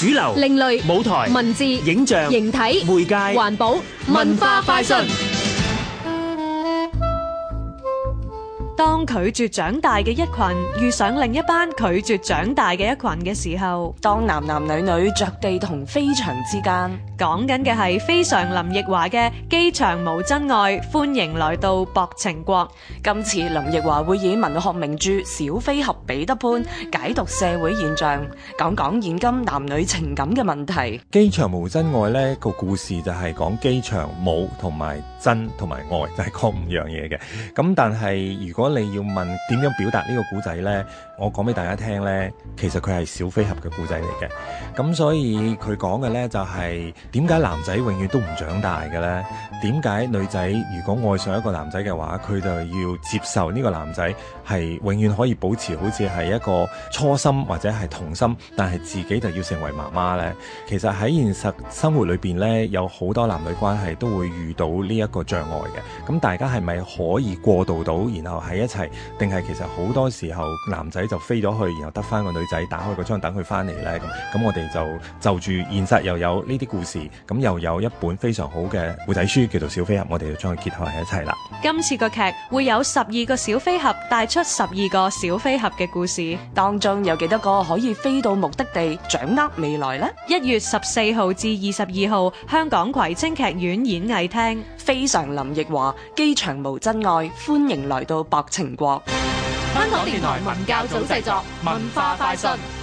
主流、另類、舞台、文字、影像、形體、媒介、環保、文化快訊。當拒絕長大嘅一群遇上另一班拒絕長大嘅一群嘅時候，當男男女女着地同飛翔之間，講緊嘅係非常林奕華嘅《機場無真愛》，歡迎來到薄情國。今次林奕華會以文學名著《小飛俠》彼得潘解讀社會現象，講講現今男女情感嘅問題。《機場無真愛》呢個故事就係講機場冇同埋真同埋愛，就係講五樣嘢嘅。咁但係如果你要問點樣表達個故呢個古仔咧？我講俾大家聽咧，其實佢係小飛俠嘅古仔嚟嘅。咁所以佢講嘅咧就係點解男仔永遠都唔長大嘅咧？點解女仔如果愛上一個男仔嘅話，佢就要接受呢個男仔係永遠可以保持好似係一個初心或者係童心，但係自己就要成為媽媽咧？其實喺現實生活裏邊咧，有好多男女關係都會遇到呢一個障礙嘅。咁大家係咪可以過渡到然後喺？一齊，定係其實好多時候男仔就飛咗去，然後得翻個女仔打開個窗等佢翻嚟呢。咁，咁我哋就就住現實又有呢啲故事，咁又有一本非常好嘅故仔書叫做《小飛俠》，我哋就將佢結合喺一齊啦。今次個劇會有十二個小飛俠帶出十二個小飛俠嘅故事，當中有幾多個可以飛到目的地，掌握未來呢？一月十四號至二十二號，香港葵青劇院演藝廳。非常林奕華，機場無真愛，歡迎來到白情國。香港電台文教組製作，文化快訊。